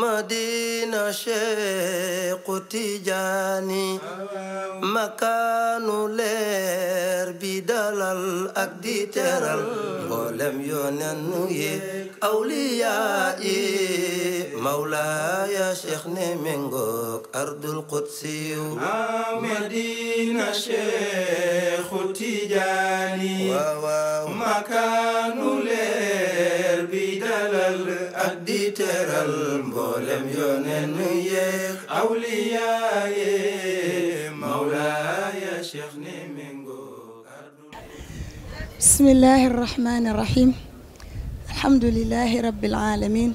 madina cheikhu tijaani makaanu leer bi dalal ak di teral mboolem yonennu awliyaa yi mawlaaya cheikh ne méngoog ardul qudsiyu madina cheikhu tijaani makaanu ak di teral mboolem yoneen yeeg awliyaa yee mawlaaya cheikh ni méngoo bismillahi arrahmani irrahim alhamdulilahi rabbil alamin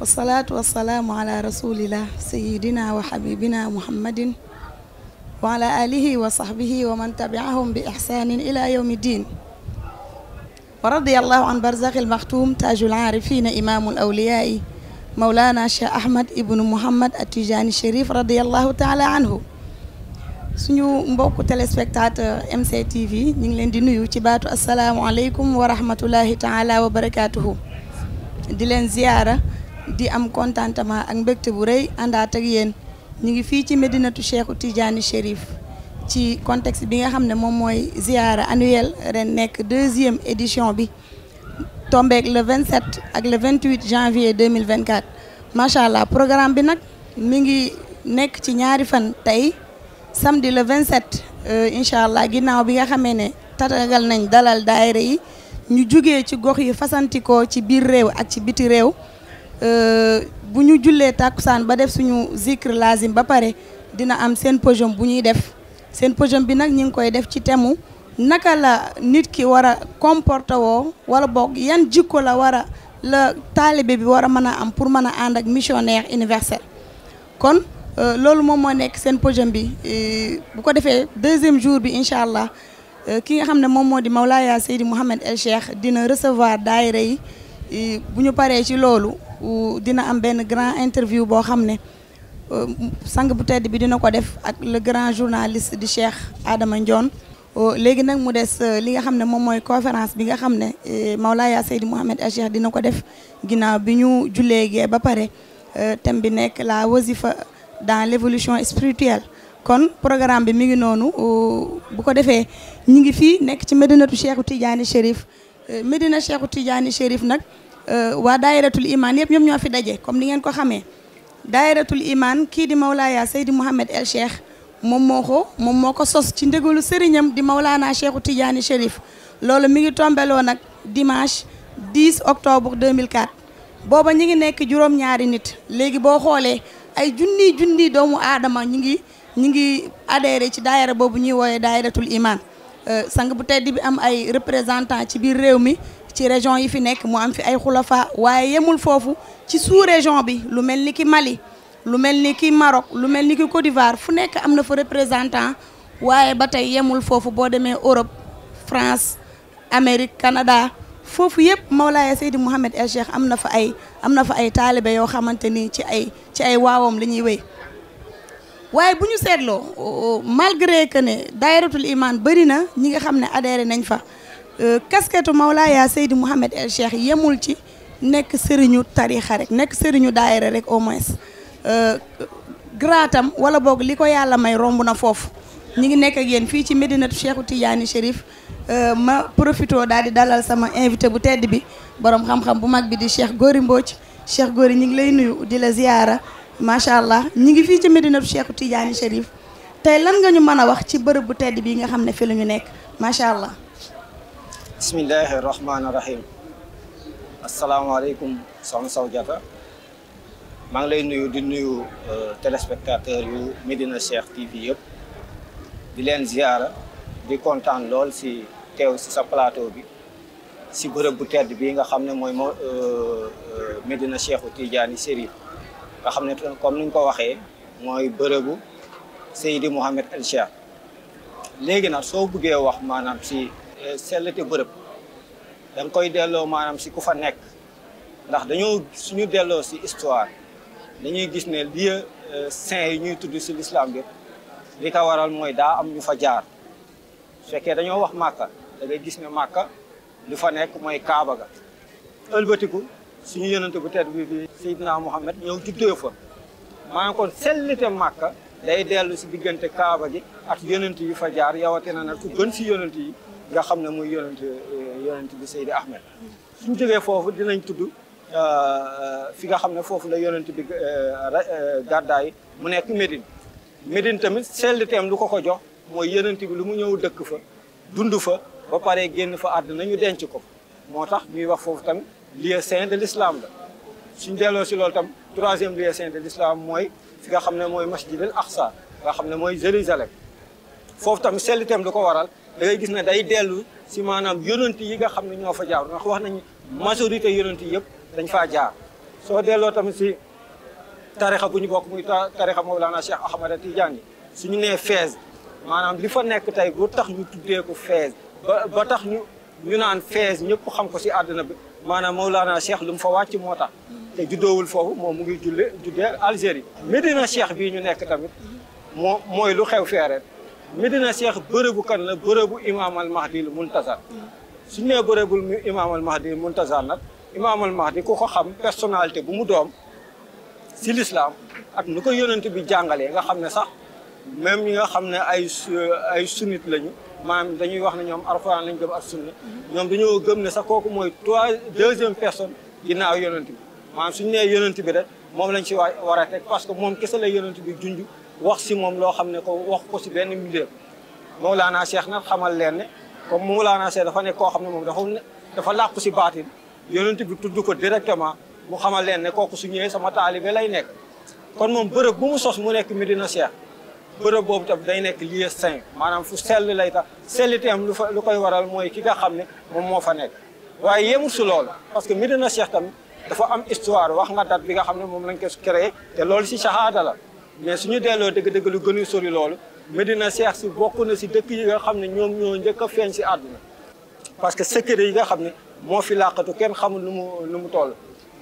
wasalaatu wasalaamu ala rasulillah sayidina wa xabibina muhammadin wa ala alihi wa sahbihi wa man tabiahum bi ixsanin ila yawmi din wa radiyallahu an barzakhil maxtuum taajul aarifiina imaamul awliyaai mawlaana cheikh ahmad ibnu mouhamad atijaani chérif radiyallahu taala anhu suñu MCTV ñu ngi leen di nuyu ci baatu asalaamualeykum wa rahmatullahi taala wa barakaatuhu di leen ziyaara di am contentement ak mbégte bu rëy àndaat ak yéen ñu ngi fii ci médinatu cheikhu tijaani chérif ci context bi nga xam ne moom mooy ziara annuelle ren nekk deuxième édition bi tombeek le vingt 27 ak le 28 janvier 2024 macha allah programme bi nag mi ngi nekk ci ñaari fan tey samedi le 27 euh, incha allah ginnaaw bi nga xamee ne tatagal nañ dalal daayira yi ñu jugee ci gox yi fasantikoo ci biir réew ak ci biti réew euh, bu ñu jullee tàkkusaan ba def suñu zikr lazim ba pare dina am seen pojom bu ñuy def seen podium bi nag ñu ngi koy def ci temu naka la nit ki war a comporté woo wala boog yan jikko la war a la taalibe bi war a mën a am pour mën a ànd ak missionnaire universel kon euh, loolu moom moo nekk seen podium bi euh, bu ko defee deuxième jour bi incha allah euh, ki nga xam ne moom moo di Mawlaaya Seydi Mouhamed El Cheikh dina recevoir daayira yi bu ñu paree ci loolu dina am benn grand interview boo xam ne Euh, sang bu tedd bi dina ko def ak le grand journaliste di Cheikh Adama Ndione euh, léegi nag mu des euh, li nga xam ne moom mooy conférence bi nga xam ne Mawlaya Seydi Mouhamed El Cheikh dina ko def ginnaaw bi ñu julee gee ba pare thème bi nekk la wasifa dans l'évolution spirituelle kon programme bi mi ngi noonu bu ko defee ñi ngi fii nekk ci Medinatu Cheikhu Tidiane Chérif Medina Cheikhu Tidiane Chérif nag waa daayiratul iman yëpp ñoom ñoo fi daje comme ni ngeen ko xamee daayiratul imaan kii di Mawlaaya Seydi Mouhamed El Cheikh moom moo ko moom moo ko sos ci ndigalu sëriñam di Mawlaana Cheikhu Tidiane Chérif loolu mi ngi tombeloo nag dimanche 10 octobre 2004 booba ñi ngi nekk juróom-ñaari nit léegi boo xoolee ay junniy junniy doomu aadama ñi ngi ñi ngi adhéré ci daayira boobu ñuy wooyee dayratul imaan euh, sang bu tedd bi am ay représentant ci biir réew mi ci région yi fi nekk mu am fi ay xulafa waaye yemul foofu ci sous région bi lu mel ni ki Mali lu mel ni ki Maroc lu mel ni ki Côte d'Ivoire fu nekk am na fa représentant waaye ba tey yemul foofu boo demee Europe France Amérique Canada foofu yëpp Mawlaaya Seydi Mouhamed El Cheikh am na fa ay am na fa ay taalibe yoo xamante ni ci ay ci ay waawam la ñuy wéy waaye bu ñu seetloo malgré que ne daayiratul iman bëri na ñi nga xam ne adhéré nañ fa kasketu euh, Mawlaaya Seydi Mouhamed El Cheikh yemul ci nekk sëriñu tarixa rek nekk sëriñu daayira rek au moins euh, graatam wala boog li ko yàlla may romb na foofu ñi ngi nekk ak yéen fii ci Médinatu Cheikhu Tidiane Chérif euh, ma profito daal di dalal sama invité bu tedd bi borom xam-xam bu mag bi di Cheikh Gori Mbodj Cheikh Gori ñi ngi lay nuyu di la ziyaara macha allah ñi ngi fii ci Médinatu Cheikhu Tidiane Chérif tey lan nga ñu mën a wax ci bërëb bu tedd bi nga xam ne fi la ñu nekk macha allah. bismillahi rahmaani rahim asalaamaaleykum soxna Sow Diatta maa ngi lay nuyu di nuyu euh, téléspectateur yu Medina Cheikh TV yëpp di leen ziara di kontaan lool si teew si sa plateau bi si bërëb bu tedd bi nga xam ne mooy moo euh, euh, Medina Cheikhu Tidiane Chérif nga xam ne comme ni ñu ko waxee mooy bërëbu Seydi Mouhamed El Cheikh léegi nag soo buggee wax maanaam si Eh, sellate bërëb da nga koy delloo maanaam si ku fa nekk ndax dañoo suñu delloo si histoire dañuy gis ne lieu eh, saint yi ñuy tudd si l'islam bi li ko waral mooy daa am ñu fa jaar fekkee dañoo wax màkka dangay gis ne màkka lu fa nekk mooy kaaba ga ëlbatiku suñu yonente bu tedd bi bi Seydina Muhammad ñëw juddoo fa maa ngi kon sellite màkka day dellu si diggante kaaba gi ak yonent yu fa jaar yawate na nag ku gën si yonent yi nga xam ne muy yonent yonent bi Seydi Ahmed suñ jógee foofu dinañ tudd euh, fi nga xam ne foofu la yonent bi euh, euh, gàddaay mu nekk Médine Médine tamit selliteem lu ko ko jox mooy yonent bi lu mu ñëw dëkk fa dund fa ba pare génn fa àdduna ñu denc ko moo tax ñuy wax foofu tamit lieu saint de l'islam la suñ delloo si loolu tam troisième lieu saint de l'islam mooy fi nga xam ne mooy masjidil aqsa nga xam ne mooy Jérusalem foofu tamit selliteem lu ko waral da gis ne day dellu si maanaam yonent yi nga xam ne ñoo fa jaar ndax wax nañ majorité yonent yi yëpp dañ faa jaar soo delloo tamit si tarixa bu ñu bokk muy tarixa Mawlana Cheikh Ahmada su ñu nee Fès maanaam li fa nekk tey bu tax ñu tuddee ko Fès ba tax ñu ñu naan Fès ñëpp xam ko si àdduna bi maanaam Mawlana Cheikh lu mu fa wàcc moo tax te juddoowul foofu moom mu ngi julle juddee Algérie Medina Cheikh bii ñu nekk tamit moo mooy lu xew feereen Medina Cheikh bu kan la bërëbu imaam al mahdi al muntazar su ñu nee bërëbul imaam al mahdi al muntazar nag imaam al mahdi ko ko xam personnalité bu mu doom si lislaam ak nu ko yonent bi jàngalee nga xam ne sax même ñi nga xam ne ay ay sunnit lañu maanaam dañuy wax ne ñoom alxuraan lañ gëm ak sunna ñoom dañoo gëm ne sax kooku mooy trois deuxième personne ginnaaw yonent bi maanaam suñ nee yonent bi rek moom lañ si war a teg parce que moom kese la yonent bi junj wax si moom loo xam ne ko wax ko si benn milieu Mawlana Cheikh nag xamal leen ne comme Mawlana Cheikh dafa nekk koo xam ne moom dafa dafa làqu si baatin yonent bi tudd ko directement mu xamal leen ne kooku su ñëwee sama taalibe lay nekk kon moom bërëb bu mu sos mu nekk Medina Cheikh bërëb boobu tam day nekk lieu saint maanaam fu sell lay tax sellité am fa lu koy waral mooy ki nga xam ne moom moo fa nekk waaye yemul si loolu parce que Medina Cheikh tamit dafa am histoire wax nga date bi nga xam ne moom lañ ko créé te loolu si shahada la mais suñu delloo dëgg-dëgg lu gën a sori loolu Medina Cheikh si bokk na si dëkk yi nga xam ne ñoom ñoo njëkk feeñ si àdduna parce que secret yi nga xam ne moo fi làqatu kenn xamul nu mu lu mu toll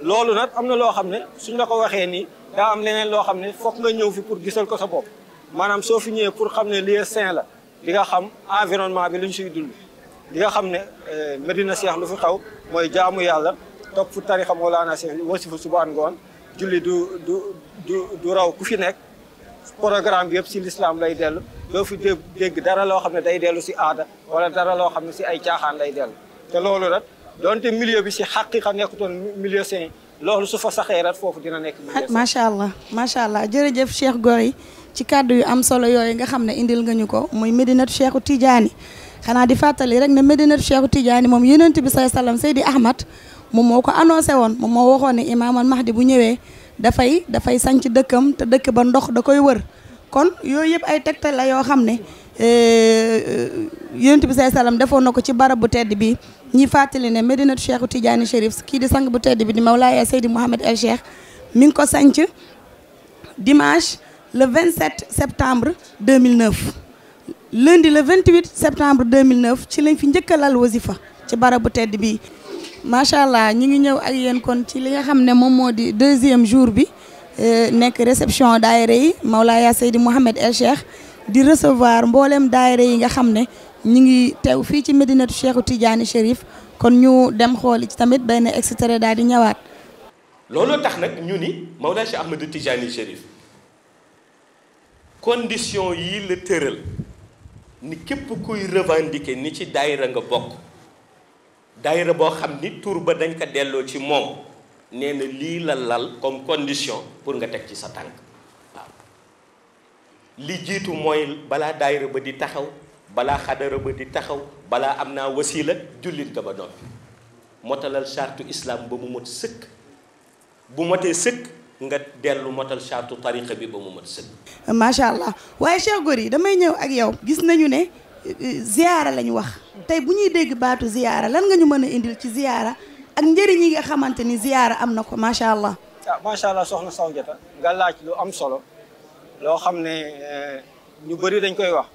loolu nag am na loo xam ne suñ la ko waxee nii daa am leneen loo xam ne foog nga ñëw fi pour gisal ko sa bopp maanaam soo fi ñëwee pour xam ne lieu saint la di nga xam environnement bi lu ñu siy dund di nga xam ne euh, Medina Cheikh lu fi xaw mooy jaamu yàlla topp fu tarixa Mawlana Cheikh wasifa subaan ngoon julli du du du du raw ku fi nekk programme bi yëpp si lislaam lay dellu doo fi dégg dara loo xam ne day dellu si aada wala dara loo xam ne si ay caaxaan lay dellu te loolu nag donte milieu bi si xaqiqa nekkutoon milieu sain loolu su fa saxee rat foofu dina nekk milieu macha allah macha allah jërëjëf Cheikh Gory ci kàddu yi am solo yooyu nga xam ne indil nga ñu ko muy Medinatu Cheikhu Tidiane xanaa di fàttali rek ne Medinatu Cheikhu Tidiane moom yonent bi sallallahu alayhi Seydi Ahmad moom moo ko annoncé woon moom moo waxoon ne imaamal dafay dafay sanc dëkkam te dëkk ba ndox da koy wër kon yooyu yëpp ay tegtal la yoo xam ne eh, eh, yonent bi say salaam defoon na ko ci barab bu tedd bi ñi fàttali ne Medinatu Cheikhu Tidiane Chérif kii di sang bu tedd bi di Mawlaaya Seydi Mouhamed El Cheikh mi ngi ko sanc dimanche le 27 septembre 2009 lundi le 28 septembre 2009 ci lañ fi njëkk a lal wasifa ci barabu bu tedd bi macha allah ñu ngi ñëw ak yéen kon ci li nga xam ne moom moo di deuxième jour bi euh, nekk réception daayira yi Mawlaaya Seydi Mouhamed El Cheikh di recevoir mbooleem daayira yi nga xam ne ñu ngi tew fii ci Medinatu Cheikhu Tidiane Chérif kon ñu dem xooli ci tamit benn extrait daal di ñëwaat. looloo tax nag ñu ni Mawlaaya Cheikh Ahmed Tidiane Chérif condition yi la tëral ni képp kuy revendiquer ni ci daayira nga bokk. daayira boo xam ni tur ba dañ ko delloo ci moom nee na lii la lal comme condition pour nga teg ci sa tànk waaw li jiitu mooy balaa daayira ba di taxaw balaa xadara ba di taxaw balaa am naa wasiila jullit nga ba noppi motalal chartu islaam ba mu mot sëkk bu motee sëkk nga dellu motal chartu tariqa bi ba mu mot sëkk. macha allah waaye Cheikh yi damay ñëw ak yow gis nañu ne. ziyaara lañ wax tey bu ñuy dégg baatu ziyaara lan nga ñu mën a indil ci ziyaara ak njëriñ yi nga xamante ni ziyaara am na ko macha allah. Ah, macha allah soxna Sow Diatta nga laaj lu am solo loo xam ne eh, ñu bëri dañ koy wax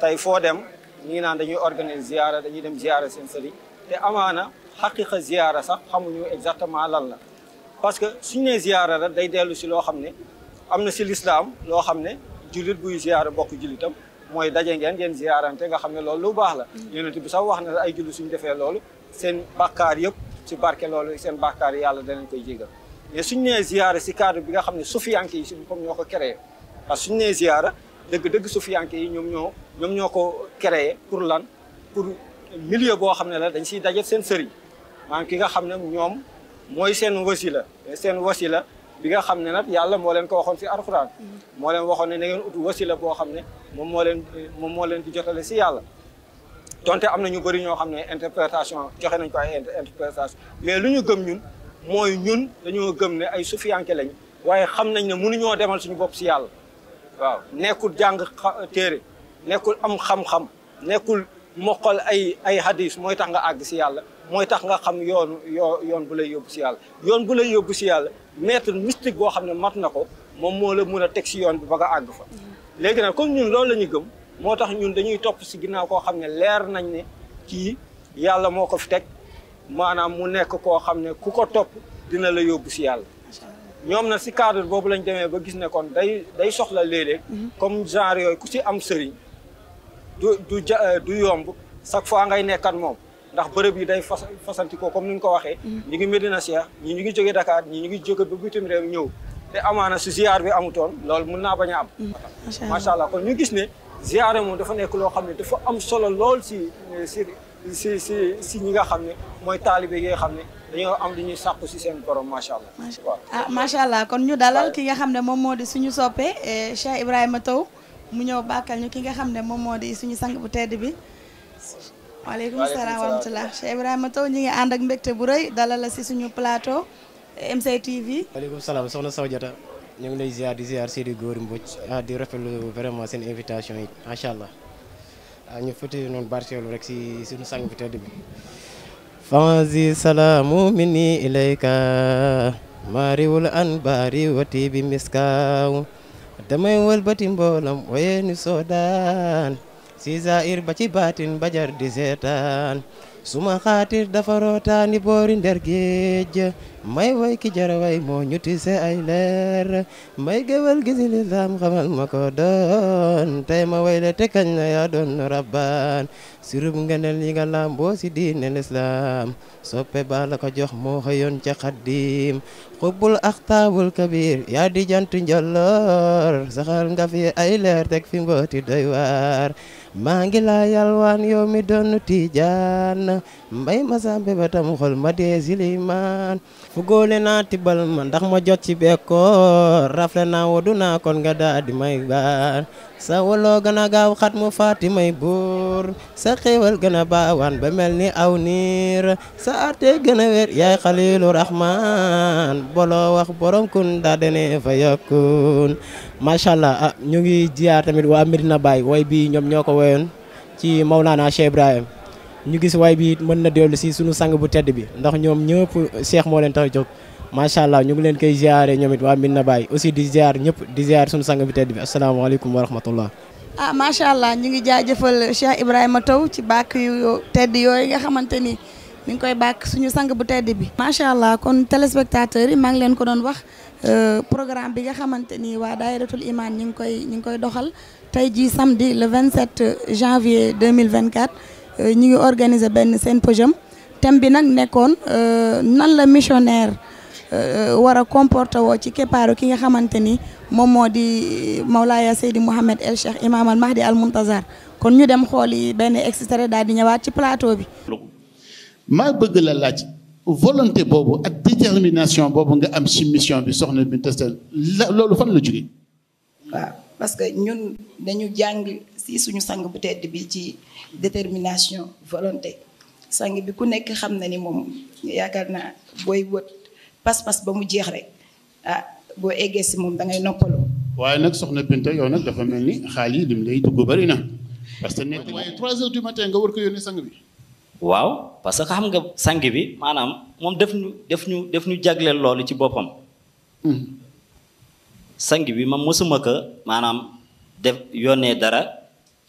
tey foo dem ñu ngi naan dañuy organiser ziyaara dañuy dem ziyaara seen sëriñ te amaana xaqiqa ziyaara sax xamuñu exactement lan la parce que suñu nee ziyaara la day dellu si loo xam ne am na si lislaam loo xam ne jullit buy ziyaara bokk jullitam. mooy daje ngeen ngeen ziarante nga xam ne loolu lu baax la mm. yonent bi sax wax na ay julli suñu defee loolu seen bàkkaar yëpp si barke loolu seen bàkkaar yàlla danañ koy jégal mais suñu nee ziara si cadre bi nga xam ne sufiyanke yi suñ ñoo ko créé parce nee ziara dëgg-dëgg sufiyanke yi ñoom ñoo ñoom ñoo ko créé pour lan pour milieu boo xam ne la dañ siy daje seen sëriñ maanaam ki nga xam ne ñoom mooy seen wasila seen wasila bi nga xam ne nag yàlla moo leen ko waxoon si alxuraan moo leen waxoon ne na ngeen ut wasila boo xam ne moom moo leen moom moo leen di jotale si yàlla donte am na ñu bëri ñoo xam ne interprétation joxe nañ ko ay interprétation mais lu ñu gëm ñun mooy ñun dañoo gëm ne ay sufiyanke lañ waaye xam nañ ne mënuñoo demal suñu bopp si yàlla waaw nekkul jàng téere nekkul am xam-xam nekkul mokkal ay ay hadis mooy tax nga àgg si yàlla mooy tax nga xam yoon yoo yoon bu lay yóbbu si yàlla yoon bu lay yóbbu si yàlla maître mystique boo xam ne mat na ko moom moo la mun a teg si yoon bi ba nga àgg fa léegi nag comme ñun loolu la ñu gëm moo tax ñun dañuy topp si ginnaaw koo xam ne leer nañ ne kii yàlla moo ko fi teg maanaam mu nekk koo xam ne ku ko topp dina la yóbbu si yàlla ñoom na si cadre boobu lañ demee ba gis ne kon day day soxla léeg mhm. comme genre yooyu ku ci am sëriñ du du ja du yomb chaque fois ngay nekkat moom ndax bërëb yi day fas fasantikoo comme ni ñu ko waxee mm. ñu ngi Medina Cheikh ñi ñu ngi jóge dakaar ñi ñu ngi jóge ba bitim réew ñëw te amaana si ziar bi amutoon loolu mun naa bañ a am mm. macha allah kon ñu gis ne ziar moom dafa nekk loo xam ne dafa am solo lool si si si si si ñi nga xam ne mooy taalibe yi nga xam ne dañoo am lu ñuy sàkku si seen borom macha allah ah allah kon ñu dalal ki nga xam ne moom moo di suñu soppee eh, Cheikh Ibrahima Taw mu ñëw bàkkal ñu ki nga xam ne moom moo di suñu sang bu tedd bi waaleykum salaam wa rahmatulah Cheikh Ibrahima Taw ñu ngi ànd ak mbégte bu rëy dalal la si suñu plateau MCTV. waaleykum salaam soxna Sow Diatta ñu ngi lay ziar di ziar Seydou Góor Mbodj ah di rafetlu vraiment seen invitation yi macha allah ah, ñu fëtali noonu barkeelu rek si suñu sang bi tëdd bi. Fanzi salaamu minni ilayka maariwul an baari wati bi miskaaw damay wëlbati mboolam waye ni soodaan si zaahir ba ci baatin ba jar di seetaan suma xaatir dafa rootaani boori nder may way ki jaraway moo ñu tise ay leer may géwal gisi lislaam xamal ma ko doon tey ma way te kañ la yaa doon rabbaan sirub ngeneel yi nga làmboo si diine lislaam soppe baa la jox moo xëyoon ca xaddiim xubbul axtaabul kabir yaa di jant njolloor saxal nga fi ay leer teg fi mbooti doy waar maa ngi laa yalwaan yow mi doon tijaan mbay ma sambe ba tam xol ma silimaan fugóole naa tibal ma ndax ma jot ci bekkoor rafle naa wodu naa kon nga daa di sa woloo gën a gaaw xat mu faati may buur sa xéewal gën a baawaan ba mel ni aw niir sa arte gën a wér yaay xaliilu rahmaan boloo wax borom kun daa dene fa yakun macha ah, ñu ngi jiyaar tamit waa Medina Baye way bi ñoom ñoo ko woyoon ci Maulana Cheikh Ibrahim ñu gis waay bi mën na dellu si suñu sang bu tedd bi ndax ñoom ñëpp Cheikh moo leen tax a jóg macha allah ñu ngi leen koy ziare ñoom it waa na bàyyi aussi di ziar ñëpp di ziar suñu sang bu tedd bi asalaamaaleykum wa rahmatullah ah macha allah ñu ngi jaajëfal Cheikh Ibrahima Taw ci bàkk yu tedd yooyu nga xamante ni mi ngi koy bàkk suñu sang bu tedd bi. macha allah kon téléspectateur yi maa ngi leen ko doon wax euh, programme bi nga xamante ni waa daayiratul imaan ñu ngi koy ñu ngi koy doxal tey jii samedi le 27 janvier 2024. Euh, ñu ngi organiser benn seen pojam thème bi nag nekkoon euh, nan la missionnaire euh, war a comporté woo ci keppaaru ki nga xamante ni moom moo di Mawlaaya Seydi Mouhamed El Cheikh Imam al Mahdi al Muntazar kon ñu dem xooli benn extrait daal di ñëwaat ci plateau bi. maa bëgg la laaj volonté boobu ak détermination boobu nga am ci mission bi soxna Binta Sène loolu fan la jógee. waaw parce ñun dañu jàng si suñu sang bu tedd bi ci détermination volonté sang bi ku nekk xam na ni moom yaakaar naa booy wët pas-pas ba mu jeex rek ah boo eggee si moom da ngay noppaloo. waaye nag soxna Binta yow nag dafa mel ni xaal yi lim lay bari na. parce que nekk waaye 3 heures du matin nga war ko yónnee waaw parce que xam nga sang bi maanaam moom def ñu def ñu def ñu jagleel loolu ci boppam. Hmm. sang bi ma mosuma ko maanaam def yónnee dara.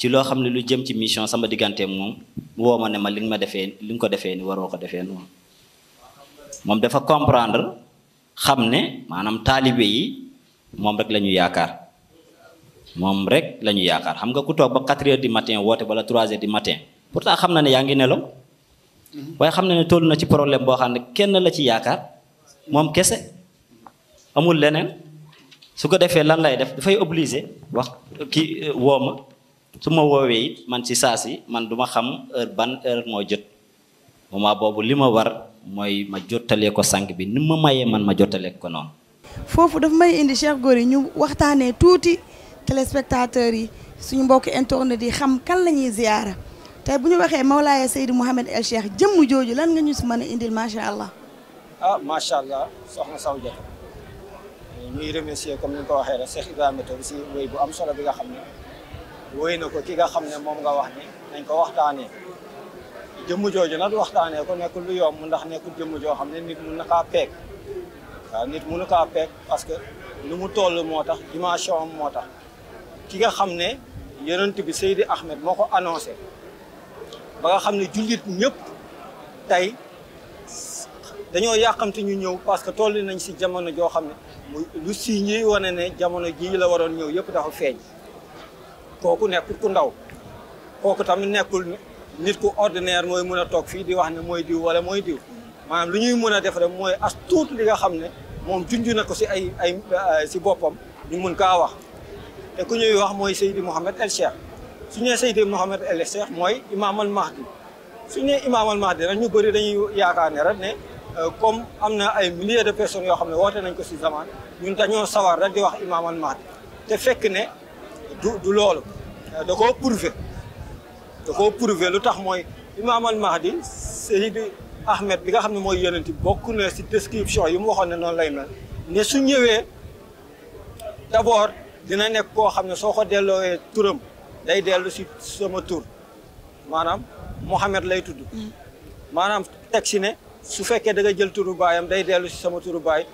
ci loo xam ne lu jëm ci mission sama diggante moom woo ma ne ma li nga ma defee li nga ko defee ni waroo ko defee noonu moom dafa comprendre xam ne maanaam taalibe yi moom rek la ñu yaakaar moom rek lañu yaakaar xam nga ku toog ba 4 heures du matin woote wala 3 heures du matin pourtant xam na ne yaa ngi nelaw waaye xam na ne toll na ci problème boo xam ne kenn la ci yaakaar moom kese amul leneen su ko defee lan lay def dafay obligé wax ki wooma su ma woowee it man ci saa si man duma xam heure ban heure moo jot moment boobu li ma war mooy ma jottalee ko sànq bi ni ma mayee man ma jottalee ko noonu. foofu dafa may indi gor yi ñu waxtaanee tuuti téléspectateurs yi suñu mbokk internet yi xam kan la ñuy ziyaara te bu ñu waxee Mawlaaya Seydi Mouhamed El Cheikh jëmm jooju lan nga ñu si mën a indil macha allah. ah macha allah soxna Sow Diatta ñuy remercier comme ni nga ko waxee rek Cheikh Ibrahima si wéy bu am solo bi wóy na ko ki nga xam ne moom nga wax ni nañ ko waxtaanee jëmm jooju nag waxtaanee ko nekkul lu mu ndax nekkul jëmm joo xam ne nit mun na kaa peeg waaw nit munu kaa peeg parce que lu mu toll moo tax dimension moo tax ki nga xam ne yonent bi Seydi Ahmed moo ko annoncé ba nga xam ne jullit ñëpp tey dañoo yàqamte ñu ñëw parce que toll nañ si jamono joo xam ne lu si ñuy wane ne jamono jii la waroon ñëw yëpp dafa feeñ kooku nekkul ku ndaw kooku tamit nekkul nit ku ordinaire mooy mën a toog fii di wax ne mooy diw wala mooy diw maanaam lu ñuy mën a def rek mooy as tuut li nga xam ne moom junj na ko si ay ay si boppam ñu mun kaa wax te ku ñuy wax mooy Seydi Mouhamed El Cheikh su ñu nee Seydi Mouhamed El Cheikh mooy imaam al Mahdi su ñu nee imaam al Mahdi rek ñu bëri dañuy yaakaar ne rek ne euh, comme am na ay milliers de personnes yoo xam ne woote nañ ko si zaman ñun dañoo sawar rek di wax imaam al Mahdi du loolu euh, da ko prouvé da ko prouvé lu tax mooy imaam al mahdi Seydi Ahmed bi nga xam ne mooy yonent bi bokk na si description yi mu waxoon ne noonu lay mel ne su ñëwee d'abord dina nekk koo xam ne soo ko delloowee turam day dellu si sama tur maanaam Mohamed lay tudd mm. maanaam teg si ne su fekkee da nga jël turu baayam day dellu si sama turu baay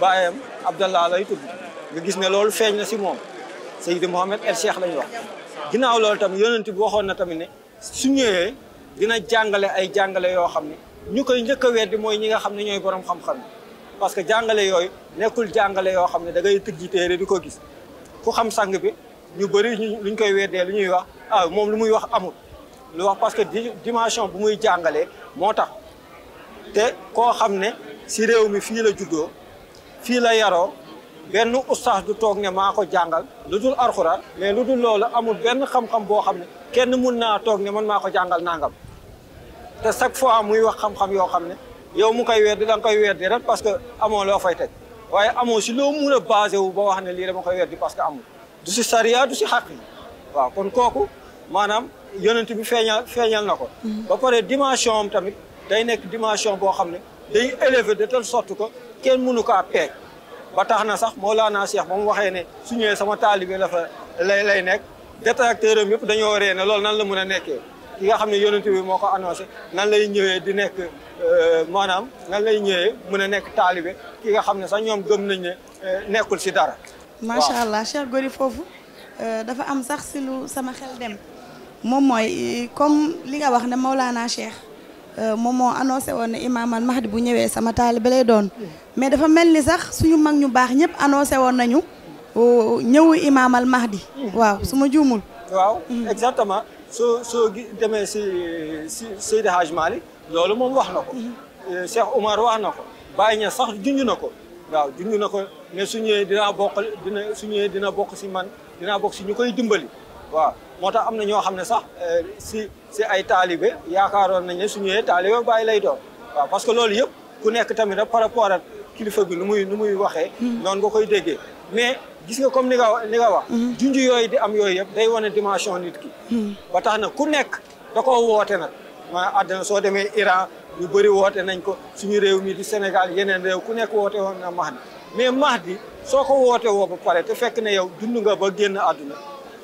baayam Abdallah lay tudd nga gis ne loolu feeñ na si moom Seydou Mohamed El Cheikh lañu wax ginnaaw loolu tam yonent bi waxoon na tamit ne su ñëwee dina jàngale ay jàngale yoo xam ne ñu koy njëkk a weddi mooy ñi nga xam ne ñooy borom xam-xam parce que jàngale yooyu nekkul jàngale yoo xam ne da ngay téere di ko gis ku xam sang bi ñu bëri ñu luñ koy weddee lu ñuy wax ah moom lu muy wax amul lu wax parce que dimension bu muy jàngalee moo tax te koo xam ne si réew mi fii la juddoo fii la yaroo benn ustaas du toog ne maa jàngal lu dul arxuraan mais lu dul loolu amul benn xam-xam boo xam ne kenn mun naa toog ne man maa ko jàngal nangam te chaque fois muy wax xam-xam yoo xam ne yow mu koy weer da nga koy weddi rek parce que amoo loo fay teg waaye amoo si loo mun a basé wu ba wax ne lii dama koy weddi parce que amul du si sariya du si xàq yi waaw kon kooku maanaam yonent bi feeñal feeñal na ko mm-hmm. ba pare dimension am tamit day nekk dimension boo xam ne day élevé de telle sorte que kenn mënu ko a peeg ba tax na sax Mawlana Cheikh ba mu waxee ne su ñëwee sama taalibe la fa lay lay nekk détracteur am yëpp dañoo ree ne loolu nan la mën a nekkee ki nga xam ne yonent bi moo ko annoncé nan lay ñëwee di nekk euh, maanaam nan lay ñëwee mën a nekk taalibe ki nga xam ne sax ñoom gëm nañ ne euh, nekkul si dara. macha allah Cheikh Gori foofu euh, dafa am sax si lu sama xel dem moom mooy comme li nga wax ne moo Mawlana Cheikh. Euh, moom moo annoncé woon ne imaam max di bu ñëwee sama taalibe lay doon mais dafa mel ni sax suñu mag ñu baax ñëpp annoncé woon nañu euh, ñëwu imaamal al mahdi waaw su ma juumul waaw mm. exactement soo soo demee si si Seydi Hadj Malick loolu moom wax na ko mm. euh, Cheikh Oumar wax na ko bàyyi ña sax junj na ko waaw junj na ko ne su dinaa bokk dina su ñëwee dina bokk si man dinaa bokk si ñu koy dimbali waaw moo tax am na ñoo xam ne sax euh, si si ay taalibe yaakaaroon nañ ne su ñëwee taalibe bàyyi lay doon waaw parce que loolu yëpp ku nekk tamit rek par rapport ak kilifa bi nu muy nu muy waxee. Hmm. noonu nga koy déggee mais gis nga comme ni nga ni nga wax. Hmm. junj yooyu di am yooyu yëpp day wane dimension nit ki. Hmm. ba tax na ku nekk da koo woote nag ma àddina soo demee Iran ñu bëri woote nañ ko suñu réew mi di Sénégal yeneen réew ku nekk woote woon na Mahdi mais Mahdi soo ko woote woo ba pare te fekk ne yow dund nga ba génn àdduna.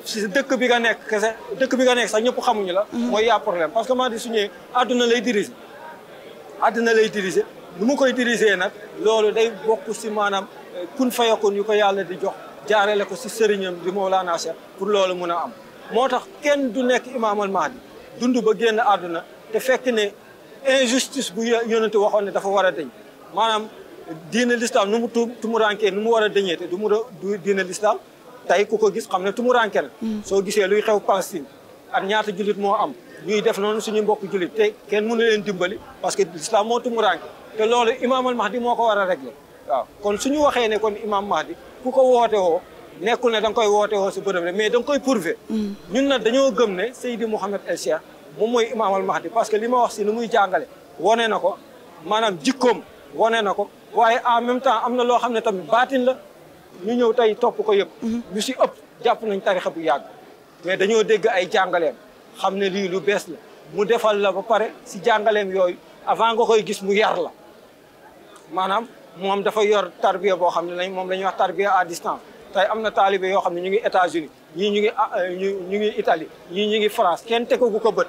si dëkk bi nga nekk kese dëkk bi nga nekk sax ñëpp xamuñu la. Mhm. mooy yaa problème parce que Mady su ñëwee àdduna lay diriger. adduna lay diriger nu mu koy diriger nag loolu day bokk si maanaam eh, kun fayakun yu ko yàlla di jox jaarale ko si sëriñam di Mawlana Cheikh pour loolu mun a am. moo tax kenn du nekk imaamal Mahdi dund ba génn àdduna te fekk ne injustice bu yonente waxoon ne dafa war a deñ maanaam diine l'islam nu mu tu tumuraankee nu mu war a deñee te du mu diine tey ku ko gis xam ne tumuranke na mm. soo gisee luy xew Palestine ak ñaata jullit moo am ñuy def noonu suñu mbokk jullit te kenn mënu leen dimbali parce que l'islam moo tumuranke te loolu imaam al moo ko war a régler waaw kon suñu waxee ne kon imaam mahdi ku ko woote woo nekkul ne da nga koy woote woo si bërëb rek mais da nga koy prouver mm. ñun na dañoo gëm ne Seydi Mouhamed El Cheikh moom mooy imaam al parce que li ma wax si nu muy jàngale wone na ko maanaam jikkoom wane na ko waaye en même temps am na loo xam ne tamit baatin la ñu ñëw tey topp ko yëpp mhm. ñu si ëpp jàpp nañ tarixa bu yàgg mais dañoo dégg ay jàngaleem xam ne lii lu bees la mu defal la ba pare si jàngaleem yooyu avant nga koy gis mu yar la maanaam moom dafa yor tarbiya boo xam ne lañ moom la wax tarbiya à distance tey am na taalibe yoo xam ne ñu ngi États-Unis ñii ñu ngi ah, euh, ñu ngi itali ñii ñu ngi France kenn tegagu ko bët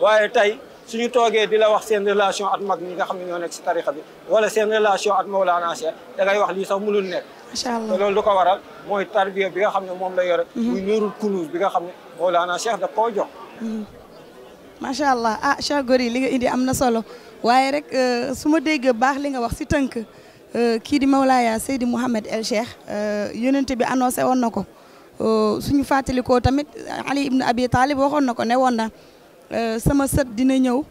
waaye tey ñu toogee di la wax seen relation at mag ñi nga xam ne ñoo nekk si tarixa bi wala seen relation at Mawlana Cheikh da ngay wax lii sax mënul nekk macha allah te ko waral mooy tarbiya bi nga xam ne moom la yore. Mhm. muy nuurul kunuus bi nga xam ne koo jox. Mhm. allah ah Cheikh Gori li nga indi am na solo waaye rek euh, su ma dégg baax li nga wax si tënk euh, kii di Mawlaaya Seydi Mouhamed El Cheikh euh, yonent bi annoncé woon na ko suñu fàttalikoo tamit Ali ibn Abi Talib waxoon na ko ne woon na sama sët dina ñëw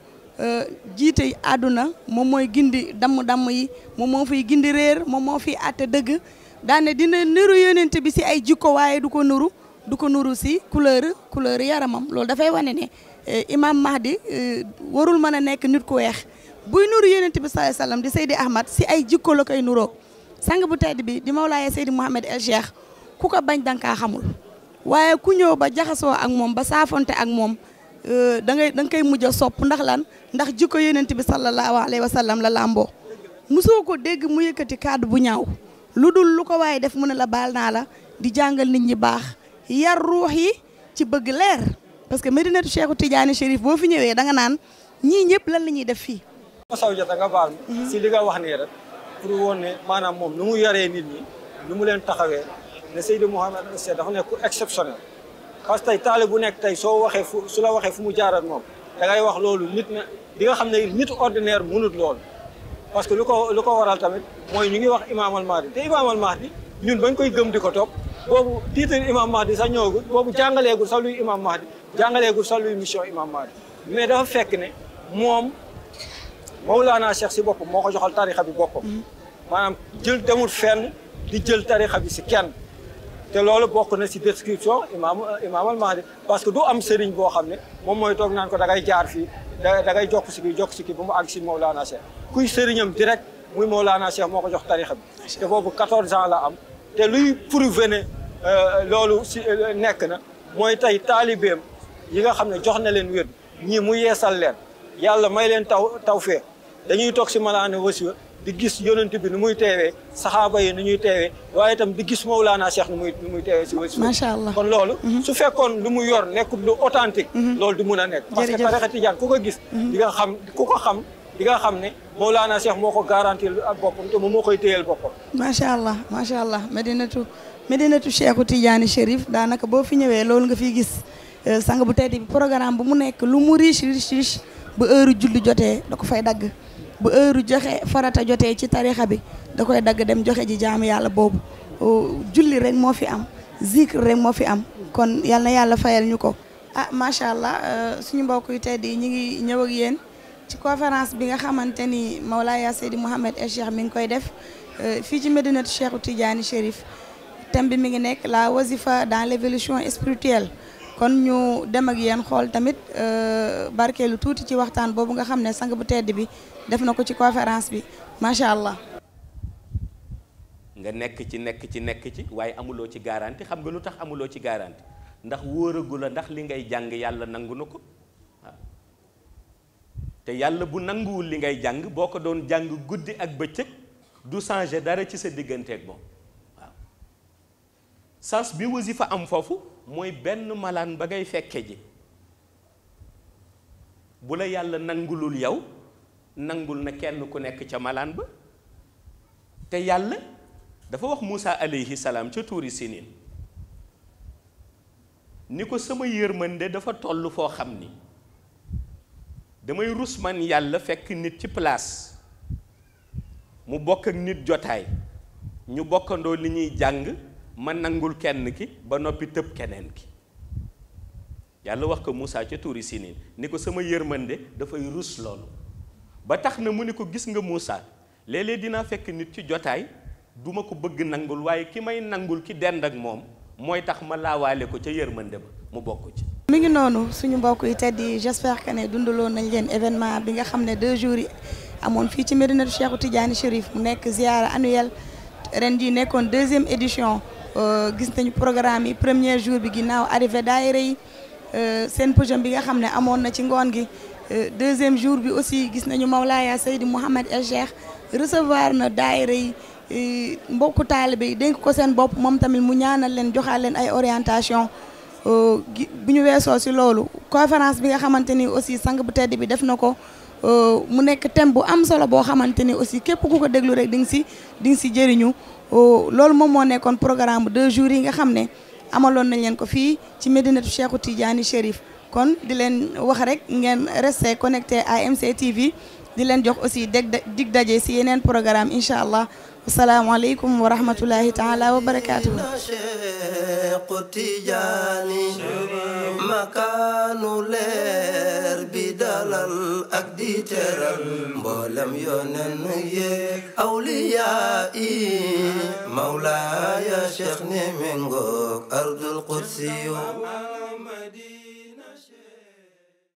jiite àdduna moom mooy gindi dam damm yi moom moo fiy gindi réer moom moo fiy àtte dëgg. daane dina nuru yonent bi si ay jikko waaye du ko nuru du ko nuru si couleur couleur yaramam loolu dafay wane ne eh, imam Mahdi eh, warul mën a nekk nit ku weex buy nuru yonent bi sallallahu alayhi di Seydi Ahmad si ay jikko la koy nuroo sang bu tedd bi di Mawlaaya Seydi Mouhamed El Cheikh ku ko bañ danga kaa xamul waaye ku ñëw ba jaxasoo ak moom ba saafonte ak moom eh, da ngay da koy mujj a sopp ndax lan ndax jikko yonent bi sallallahu alayhi wasallam la làmboo mosoo ko dégg mu yëkkati kàddu bu ñaaw lu dul lu ko waaye def mu ne la baal naa la di jàngal nit ñi baax yar ruux yi ci bëgg leer parce que Medinatu Cheikhu Tidiane Chérif boo fi ñëwee da nga naan ñii ñëpp lan la ñuy def fii. Sow jota nga baal mhm. si li nga wax nii rek pour woon ne maanaam moom nu mu yoree nit ñi nu mu leen taxawee ne Seydou Mouhamed Ousseyn dafa nekk ku exceptionnel parce que tey bu nekk tey soo waxee fu su la waxee fu mu jaarat moom da ngay wax loolu nit na di nga xam ne nit ordinaire mënut loolu. parce que lu ko lu ko waral tamit mooy ñu ngi wax imaamal mahdi te imaamal mahdi ñun bañ koy gëm di ko topp boobu titre imam mahdi sax ñëwagul boobu jàngaleegul sax luy imam mahdi jàngaleegul sax luy mission imam mahdi mais dafa fekk ne moom Mawlana Cheikh si boppam moo ko joxal tarixa bi boppam mm-hmm. maanaam jël demul fenn di jël tarixa bi si kenn te loolu bokk na si description imaam imaamal mahdi parce que du am sëriñ boo xam ne moom mooy toog naan ko da jaar fii da da ngay jokk si kii jokk si kii ba mu àgg si Mawlana kuy sëriñam direct muy Mawlana Cheikh moo ko jox tarixa bi te boobu 14 ans la am te luy prouver ne euh, loolu si euh, nekk na mooy tey taalibeem yi nga xam ne jox na leen wér ñii mu yeesal leen yàlla may leen taw tawfeex dañuy toog si malaana wasiwa di gis yonent bi nu muy teewee saxaaba yi nu ñuy teewee waaye tam di gis Mawlana Cheikh nu muy nu muy teewee si wasiwa macha allah kon loolu mhm. su fekkoon lu mu yor nekkul lu authentique mhm. loolu di mun a nekk parce que tarixa tijaan ku ko gis mhm. nga xam ko xam li nga xam ne Mawlana Cheikh moo ko garantir ak boppam te moo koy téyel boppam. macha allah macha allah Medinatu Medinatu Cheikhu Tidiane Chérif daanaka boo fi ñëwee loolu nga fiy gis euh, sang bu tedd bi programme bu mu nekk lu mu riche riche riche bu heure julli jotee da ko fay dagg bu heure joxe farata jotee ci tarixa bi da koy dagg dem joxe ji jaamu yàlla boobu euh, julli rek moo fi am zikr rek moo fi am kon yal yàlla fayal ñu ko. ah macha allah euh, suñu mbokk yu tedd yi ñu ngi ñëw ak yéen. ci conférence bi nga xamante ni Mawlaya Seydi Mouhamed El Cheikh mi ngi koy def euh, fii ci Médinatu Cheikhu Tidiane Chérif thème bi mi ngi nekk la wazifa dans l'évolution spirituelle kon ñu dem ak yéen xool tamit euh, barkeelu tuuti ci waxtaan boobu nga xam ne sang bu tedd bi def na ko ci conférence bi macha allah. nga nekk ci nekk ci nekk ci waaye amuloo ci garanti xam nga lu tax amuloo ci garanti ndax wóoragu la ndax li ngay jàng yàlla nangu na ko. te yàlla bu nanguwul li ngay jàng boo ko doon jàng guddi ak bëccëg du changer dara ci sa digganteeg moom waaw sens bi wasifa am foofu mooy benn malaan ba ngay fekke ji bu la yàlla nangulul yow nangul na kenn ku nekk ca malaan ba te yàlla dafa wax Moussa alayhi salaam ca tuuri sinin ni ko sama yërmande dafa toll foo xam ni damay rus man yàlla fekk nit ci place mu bokk ak nit jotaay ñu bokkandoo li ñuy jàng ma nangul kenn ki ba noppi tëb keneen ki yàlla wax ko musaa ca tuuri Siniin ni ko sama yërmande dafay rus loolu ba tax na mu ni ko gis nga Moussa léeg dinaa fekk nit ci jotaay duma ko bëgg nangul waaye ki may nangul ki dend ak moom mooy tax ma laawaale ko ca yërmande ba mu bokk ci mi ngi noonu suñu mbokk yi tedd yi j'espère que ne dundaloon nañ leen événement bi nga xam ne deux jours yi amoon fii ci Médinatu Cheikhu Tidiane Chérif mu nekk ziara annuelle ren jii nekkoon deuxième édition euh, gis nañu programme yi première jours bi ginnaaw arrivé daayira yi euh, seen pëjam bi nga xam ne amoon na ci ngoon gi euh, deuxième jours bi aussi gis nañu Mawlaaya Seydi Mouhamed El Cheikh recevoir na daayira yi mbokku taalibe yi dénk ko seen bopp moom tamit mu ñaanal leen joxaal leen ay orientation Euh, bu ñu weesoo si loolu conférence bi nga xamante ni aussi sang bu tedd bi def na ko euh, mu nekk thème bu am solo boo xamante ni aussi képp ku ko déglu rek di nga si di si jëriñu euh, loolu moom moo nekkoon programme bu deux jours yi nga xam ne amaloon nañ leen ko fii ci Médinatu Cheikhu Tidiane Chérif kon di leen wax rek ngeen rester connecté à MCTV di leen jox aussi dég dig daje si yeneen programme incha allah asalaamaaleykum wa rahmatulahi taala wa barakaatuhu Seexu Tijaani makaanu leer bi dalal ak di teral mboolem yoneen ye awliyaa yi mawlaaya Seex ne mengoog ardul qudsi